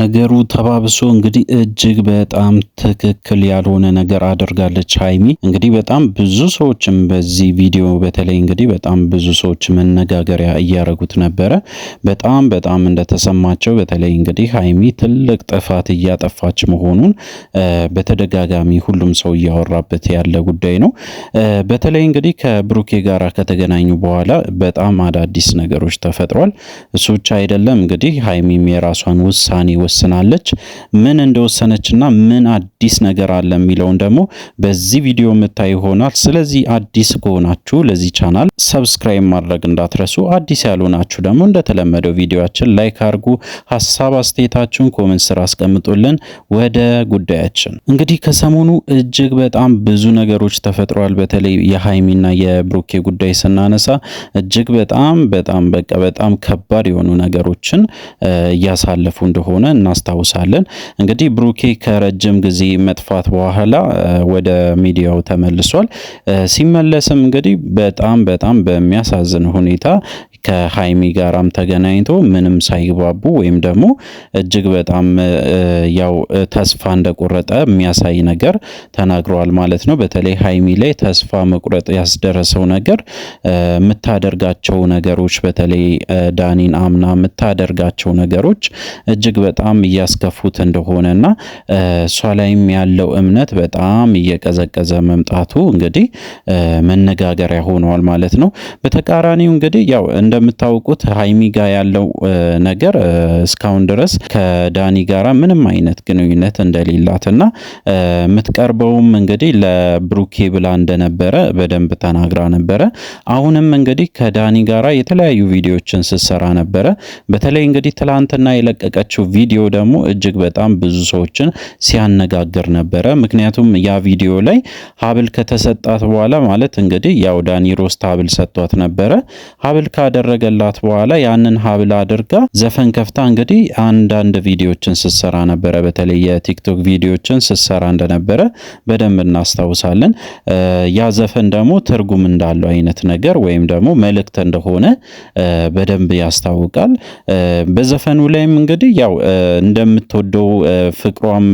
ነገሩ ተባብሶ እንግዲህ እጅግ በጣም ትክክል ያልሆነ ነገር አድርጋለች ሀይሚ። እንግዲህ በጣም ብዙ ሰዎችም በዚህ ቪዲዮ በተለይ እንግዲህ በጣም ብዙ ሰዎች መነጋገሪያ እያደረጉት ነበረ። በጣም በጣም እንደተሰማቸው በተለይ እንግዲህ ሀይሚ ትልቅ ጥፋት እያጠፋች መሆኑን በተደጋጋሚ ሁሉም ሰው እያወራበት ያለ ጉዳይ ነው። በተለይ እንግዲህ ከብሩኬ ጋር ከተገናኙ በኋላ በጣም አዳዲስ ነገሮች ተፈጥሯል። እሱ ብቻ አይደለም እንግዲህ ሀይሚም የራሷን ውሳኔ ወስናለች። ምን እንደወሰነችና ምን አዲስ ነገር አለ የሚለውን ደግሞ በዚህ ቪዲዮ የምታይ ይሆናል። ስለዚህ አዲስ ከሆናችሁ ለዚህ ቻናል ሰብስክራይብ ማድረግ እንዳትረሱ። አዲስ ያልሆናችሁ ደግሞ እንደተለመደው ቪዲዮችን ላይክ አድርጉ። ሀሳብ አስተያየታችሁን ኮመንት ስራ አስቀምጡልን። ወደ ጉዳያችን እንግዲህ ከሰሞኑ እጅግ በጣም ብዙ ነገሮች ተፈጥሯል። በተለይ የሀይሚና የብሩኬ ጉዳይ ስናነሳ እጅግ በጣም በጣም በቃ በጣም ከባድ የሆኑ ነገሮችን እያሳለፉ እንደሆነ እናስታውሳለን። እንግዲህ ብሩኬ ከረጅም ጊዜ መጥፋት በኋላ ወደ ሚዲያው ተመልሷል። ሲመለስም እንግዲህ በጣም በጣም በሚያሳዝን ሁኔታ ከሀይሚ ጋራም ተገናኝቶ ምንም ሳይግባቡ ወይም ደግሞ እጅግ በጣም ያው ተስፋ እንደቆረጠ የሚያሳይ ነገር ተናግረዋል ማለት ነው። በተለይ ሀይሚ ላይ ተስፋ መቁረጥ ያስደረሰው ነገር የምታደርጋቸው ነገሮች፣ በተለይ ዳኒን አምና የምታደርጋቸው ነገሮች እጅግ በጣም እያስከፉት እንደሆነ እሷ ላይም ያለው እምነት በጣም እየቀዘቀዘ መምጣቱ እንግዲህ መነጋገሪያ ሆነዋል ማለት ነው። በተቃራኒው እንግዲህ ያው እንደምታውቁት ሀይሚ ጋር ያለው ነገር እስካሁን ድረስ ከዳኒ ጋራ ምንም አይነት ግንኙነት እንደሌላት እና የምትቀርበውም እንግዲህ ለብሩኬ ብላ እንደነበረ በደንብ ተናግራ ነበረ። አሁንም እንግዲህ ከዳኒ ጋራ የተለያዩ ቪዲዮዎችን ስትሰራ ነበረ። በተለይ እንግዲህ ትላንትና የለቀቀችው ቪዲዮ ደግሞ እጅግ በጣም ብዙ ሰዎችን ሲያነጋግር ነበረ። ምክንያቱም ያ ቪዲዮ ላይ ሀብል ከተሰጣት በኋላ ማለት እንግዲህ ያው ዳኒ ሮስት ሀብል ሰጥቷት ነበረ። ሀብል ካደ ከተደረገላት በኋላ ያንን ሀብል አድርጋ ዘፈን ከፍታ እንግዲህ አንዳንድ ቪዲዮችን ስትሰራ ነበረ። በተለይ የቲክቶክ ቪዲዮችን ስትሰራ እንደነበረ በደንብ እናስታውሳለን። ያ ዘፈን ደግሞ ትርጉም እንዳለው አይነት ነገር ወይም ደግሞ መልእክት እንደሆነ በደንብ ያስታውቃል። በዘፈኑ ላይም እንግዲህ ያው እንደምትወደው ፍቅሯም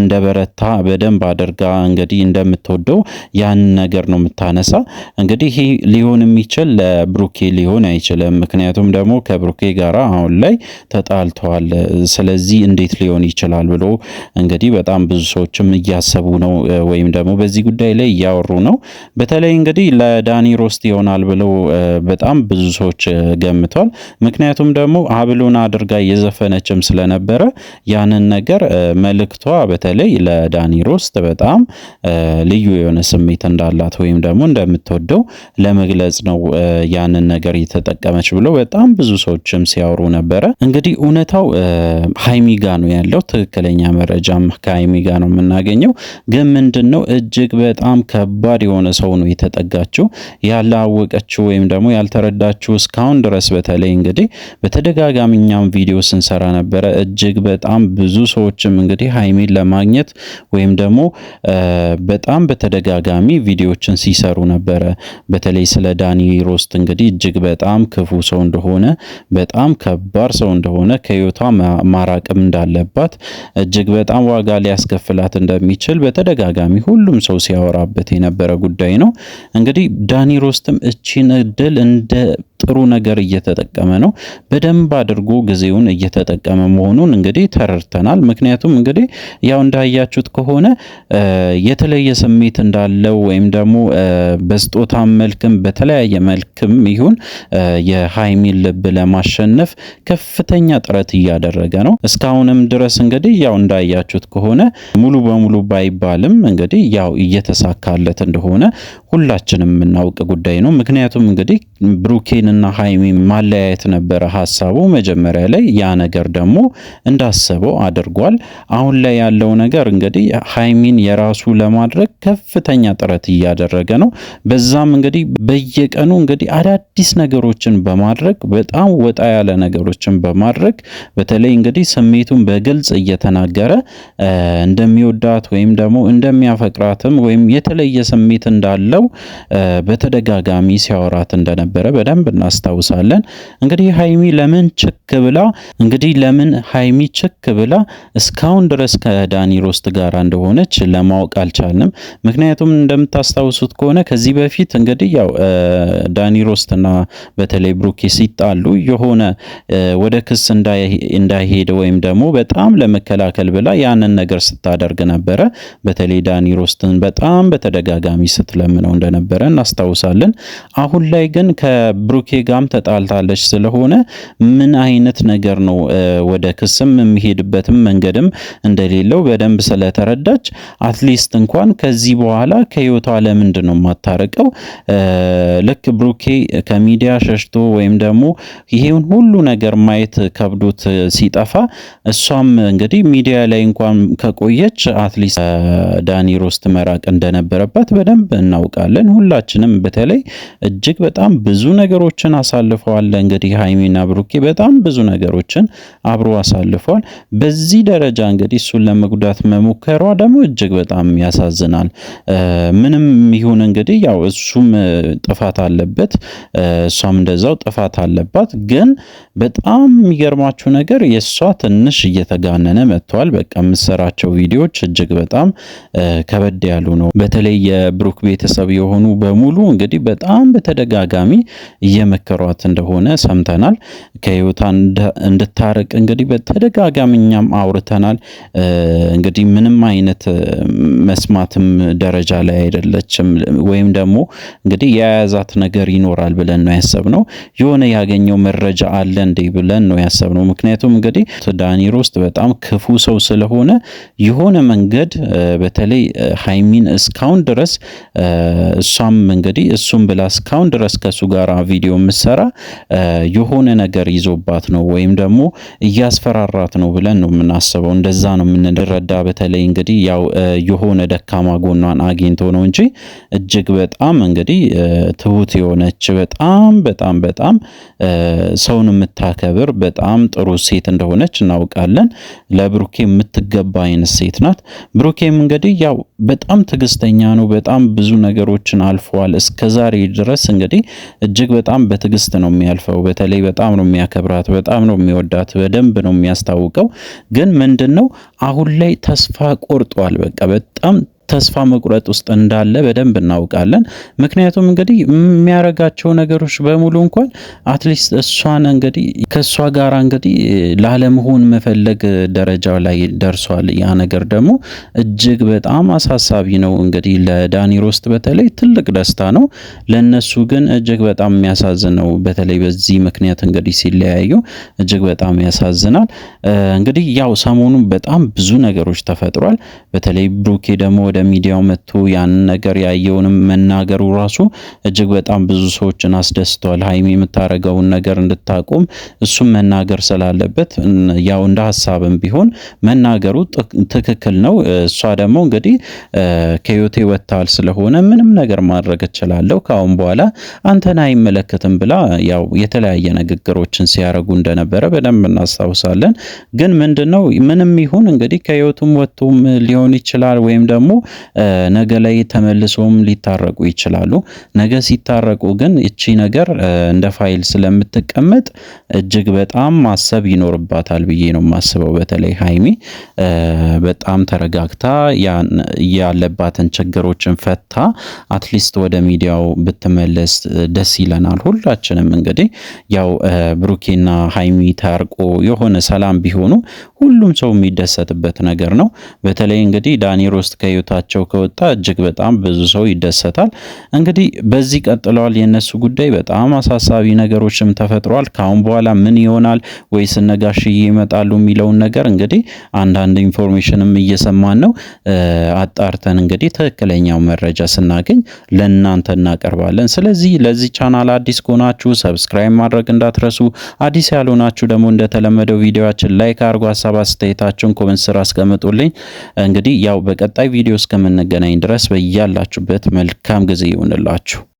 እንደበረታ በደንብ አድርጋ እንግዲህ እንደምትወደው ያን ነገር ነው የምታነሳ። እንግዲህ ይሄ ሊሆን የሚችል ለብሩኬ ሊሆን አይችል አይችልም። ምክንያቱም ደግሞ ከብሩኬ ጋር አሁን ላይ ተጣልተዋል። ስለዚህ እንዴት ሊሆን ይችላል ብሎ እንግዲህ በጣም ብዙ ሰዎችም እያሰቡ ነው፣ ወይም ደግሞ በዚህ ጉዳይ ላይ እያወሩ ነው። በተለይ እንግዲህ ለዳኒ ሮስት ይሆናል ብለው በጣም ብዙ ሰዎች ገምቷል። ምክንያቱም ደግሞ ሀብሉን አድርጋ እየዘፈነችም ስለነበረ ያንን ነገር መልእክቷ በተለይ ለዳኒ ሮስት በጣም ልዩ የሆነ ስሜት እንዳላት ወይም ደግሞ እንደምትወደው ለመግለጽ ነው ያንን ነገር የተጠቀ ተጠቀመች ብሎ በጣም ብዙ ሰዎችም ሲያወሩ ነበረ። እንግዲህ እውነታው ሀይሚ ጋ ነው ያለው። ትክክለኛ መረጃም ከሀይሚ ጋ ነው የምናገኘው። ግን ምንድን ነው እጅግ በጣም ከባድ የሆነ ሰው ነው የተጠጋችው ያላወቀችው ወይም ደግሞ ያልተረዳችው እስካሁን ድረስ በተለይ እንግዲህ በተደጋጋሚ እኛም ቪዲዮ ስንሰራ ነበረ። እጅግ በጣም ብዙ ሰዎችም እንግዲህ ሀይሚን ለማግኘት ወይም ደግሞ በጣም በተደጋጋሚ ቪዲዮዎችን ሲሰሩ ነበረ። በተለይ ስለ ዳኒ ሮስት እንግዲህ እጅግ በጣም ክፉ ሰው እንደሆነ በጣም ከባድ ሰው እንደሆነ ከህይወቷ ማራቅም እንዳለባት እጅግ በጣም ዋጋ ሊያስከፍላት እንደሚችል በተደጋጋሚ ሁሉም ሰው ሲያወራበት የነበረ ጉዳይ ነው። እንግዲህ ዳኒ ሮስትም እቺን እድል እንደ ጥሩ ነገር እየተጠቀመ ነው። በደንብ አድርጎ ጊዜውን እየተጠቀመ መሆኑን እንግዲህ ተረድተናል። ምክንያቱም እንግዲህ ያው እንዳያችሁት ከሆነ የተለየ ስሜት እንዳለው ወይም ደግሞ በስጦታ መልክም በተለያየ መልክም ይሁን የሀይሚን ልብ ለማሸነፍ ከፍተኛ ጥረት እያደረገ ነው። እስካሁንም ድረስ እንግዲህ ያው እንዳያችሁት ከሆነ ሙሉ በሙሉ ባይባልም እንግዲህ ያው እየተሳካለት እንደሆነ ሁላችንም የምናውቅ ጉዳይ ነው። ምክንያቱም እንግዲህ ብሩኬ ብሩክንና ሀይሚ ማለያየት ነበረ ሀሳቡ መጀመሪያ ላይ። ያ ነገር ደግሞ እንዳሰበው አድርጓል። አሁን ላይ ያለው ነገር እንግዲህ ሀይሚን የራሱ ለማድረግ ከፍተኛ ጥረት እያደረገ ነው። በዛም እንግዲህ በየቀኑ እንግዲህ አዳዲስ ነገሮችን በማድረግ በጣም ወጣ ያለ ነገሮችን በማድረግ በተለይ እንግዲህ ስሜቱን በግልጽ እየተናገረ እንደሚወዳት ወይም ደግሞ እንደሚያፈቅራትም ወይም የተለየ ስሜት እንዳለው በተደጋጋሚ ሲያወራት እንደነበረ በደንብ እናስታውሳለን። እንግዲህ ሀይሚ ለምን ችክ ብላ እንግዲህ ለምን ሀይሚ ችክ ብላ እስካሁን ድረስ ከዳኒ ሮስት ጋር እንደሆነች ለማወቅ አልቻልንም። ምክንያቱም እንደምታስታውሱት ከሆነ ከዚህ በፊት እንግዲህ ያው ዳኒ ሮስትና በተለይ ብሩኬ ሲጣሉ የሆነ ወደ ክስ እንዳይሄድ ወይም ደግሞ በጣም ለመከላከል ብላ ያንን ነገር ስታደርግ ነበረ። በተለይ ዳኒ ሮስትን በጣም በተደጋጋሚ ስትለምነው እንደነበረ እናስታውሳለን። አሁን ላይ ግን ከብሩኬ ከብሩኬ ጋም ተጣልታለች ስለሆነ ምን አይነት ነገር ነው ወደ ክስም የሚሄድበትም መንገድም እንደሌለው በደንብ ስለተረዳች አትሊስት እንኳን ከዚህ በኋላ ከህይወቷ ለምንድን ነው የማታረቀው? ልክ ብሩኬ ከሚዲያ ሸሽቶ ወይም ደግሞ ይሄን ሁሉ ነገር ማየት ከብዶት ሲጠፋ እሷም እንግዲህ ሚዲያ ላይ እንኳን ከቆየች አትሊስት ዳኒ ሮስት መራቅ እንደነበረባት በደንብ እናውቃለን ሁላችንም። በተለይ እጅግ በጣም ብዙ ነገሮች ነገሮችን አሳልፈዋል። እንግዲህ ሀይሚና ብሩኬ በጣም ብዙ ነገሮችን አብሮ አሳልፈዋል። በዚህ ደረጃ እንግዲህ እሱን ለመጉዳት መሞከሯ ደግሞ እጅግ በጣም ያሳዝናል። ምንም ይሁን እንግዲህ ያው እሱም ጥፋት አለበት፣ እሷም እንደዛው ጥፋት አለባት። ግን በጣም የሚገርማችሁ ነገር የእሷ ትንሽ እየተጋነነ መጥተዋል። በቃ የምትሰራቸው ቪዲዮዎች እጅግ በጣም ከበድ ያሉ ነው። በተለይ የብሩክ ቤተሰብ የሆኑ በሙሉ እንግዲህ በጣም በተደጋጋሚ እየመከሯት እንደሆነ ሰምተናል። ከህይወቷ እንድታርቅ እንግዲህ በተደጋጋሚ እኛም አውርተናል። እንግዲህ ምንም አይነት መስማትም ደረጃ ላይ አይደለችም። ወይም ደግሞ እንግዲህ የያዛት ነገር ይኖራል ብለን ነው ያሰብነው። የሆነ ያገኘው መረጃ አለ እንዴ ብለን ነው ያሰብነው። ምክንያቱም እንግዲህ ዳኒ ውስጥ በጣም ክፉ ሰው ስለሆነ የሆነ መንገድ በተለይ ሀይሚን እስካሁን ድረስ እሷም እንግዲህ እሱም ብላ እስካሁን ድረስ ከእሱ ጋር ቪዲዮ የምትሰራ የሆነ ነገር ይዞባት ነው ወይም ደግሞ እያስፈራራት ነው ብለን ነው የምናስበው። እንደዛ ነው የምንረዳ። በተለይ እንግዲህ ያው የሆነ ደካማ ጎኗን አግኝቶ ነው እንጂ እጅግ በጣም እንግዲህ ትሁት የሆነች በጣም በጣም በጣም ሰውን የምታከብር በጣም ጥሩ ሴት እንደሆነች እናውቃለን። ለብሩኬ የምትገባ አይነት ሴት ናት። ብሩኬም እንግዲህ ያው በጣም ትግስተኛ ነው። በጣም ብዙ ነገሮችን አልፈዋል እስከ ዛሬ ድረስ እንግዲህ እጅግ በጣም በትግስት ነው የሚያልፈው። በተለይ በጣም ነው የሚያከብራት፣ በጣም ነው የሚወዳት፣ በደንብ ነው የሚያስታውቀው። ግን ምንድን ነው አሁን ላይ ተስፋ ቆርጧል። በቃ በጣም ተስፋ መቁረጥ ውስጥ እንዳለ በደንብ እናውቃለን። ምክንያቱም እንግዲህ የሚያረጋቸው ነገሮች በሙሉ እንኳን አትሊስት እሷን እንግዲህ ከእሷ ጋር እንግዲህ ላለመሆን መፈለግ ደረጃ ላይ ደርሷል። ያ ነገር ደግሞ እጅግ በጣም አሳሳቢ ነው። እንግዲህ ለዳኒ ሮስት በተለይ ትልቅ ደስታ ነው። ለእነሱ ግን እጅግ በጣም የሚያሳዝን ነው። በተለይ በዚህ ምክንያት እንግዲህ ሲለያዩ እጅግ በጣም ያሳዝናል። እንግዲህ ያው ሰሞኑን በጣም ብዙ ነገሮች ተፈጥሯል። በተለይ ብሩኬ ደግሞ ወደ ወደ ሚዲያው መጥቶ ያንን ነገር ያየውንም መናገሩ ራሱ እጅግ በጣም ብዙ ሰዎችን አስደስተዋል። ሀይሚ የምታደርገውን ነገር እንድታቆም እሱም መናገር ስላለበት ያው እንደ ሀሳብም ቢሆን መናገሩ ትክክል ነው። እሷ ደግሞ እንግዲህ ከዮቴ ወጥታል ስለሆነ ምንም ነገር ማድረግ እችላለሁ ከአሁን በኋላ አንተን አይመለከትም ብላ ያው የተለያየ ንግግሮችን ሲያደርጉ እንደነበረ በደንብ እናስታውሳለን። ግን ምንድነው ምንም ይሁን እንግዲህ ከዮቱም ወጥቶም ሊሆን ይችላል ወይም ደግሞ ነገ ላይ ተመልሶም ሊታረቁ ይችላሉ። ነገ ሲታረቁ ግን እቺ ነገር እንደ ፋይል ስለምትቀመጥ እጅግ በጣም ማሰብ ይኖርባታል ብዬ ነው የማስበው። በተለይ ሀይሚ በጣም ተረጋግታ ያለባትን ችግሮችን ፈታ አትሊስት ወደ ሚዲያው ብትመለስ ደስ ይለናል። ሁላችንም እንግዲህ ያው ብሩኬና ሀይሚ ታርቆ የሆነ ሰላም ቢሆኑ ሁሉም ሰው የሚደሰትበት ነገር ነው። በተለይ እንግዲህ ዳኒ ሮስት ከዩታ ውጤታቸው ከወጣ እጅግ በጣም ብዙ ሰው ይደሰታል። እንግዲህ በዚህ ቀጥለዋል። የእነሱ ጉዳይ በጣም አሳሳቢ ነገሮችም ተፈጥሯል። ካሁን በኋላ ምን ይሆናል ወይስ እነ ጋሽዬ ይመጣሉ የሚለውን ነገር እንግዲህ አንዳንድ ኢንፎርሜሽንም እየሰማን ነው። አጣርተን እንግዲህ ትክክለኛው መረጃ ስናገኝ ለእናንተ እናቀርባለን። ስለዚህ ለዚህ ቻናል አዲስ ከሆናችሁ ሰብስክራይብ ማድረግ እንዳትረሱ። አዲስ ያልሆናችሁ ደግሞ እንደተለመደው ቪዲዮችን ላይክ አድርጎ ሀሳብ አስተያየታችሁን ኮሜንት ስር አስቀምጡልኝ። እንግዲህ ያው በቀጣይ ቪዲዮ እስከምንገናኝ ድረስ በያላችሁበት መልካም ጊዜ ይሁንላችሁ።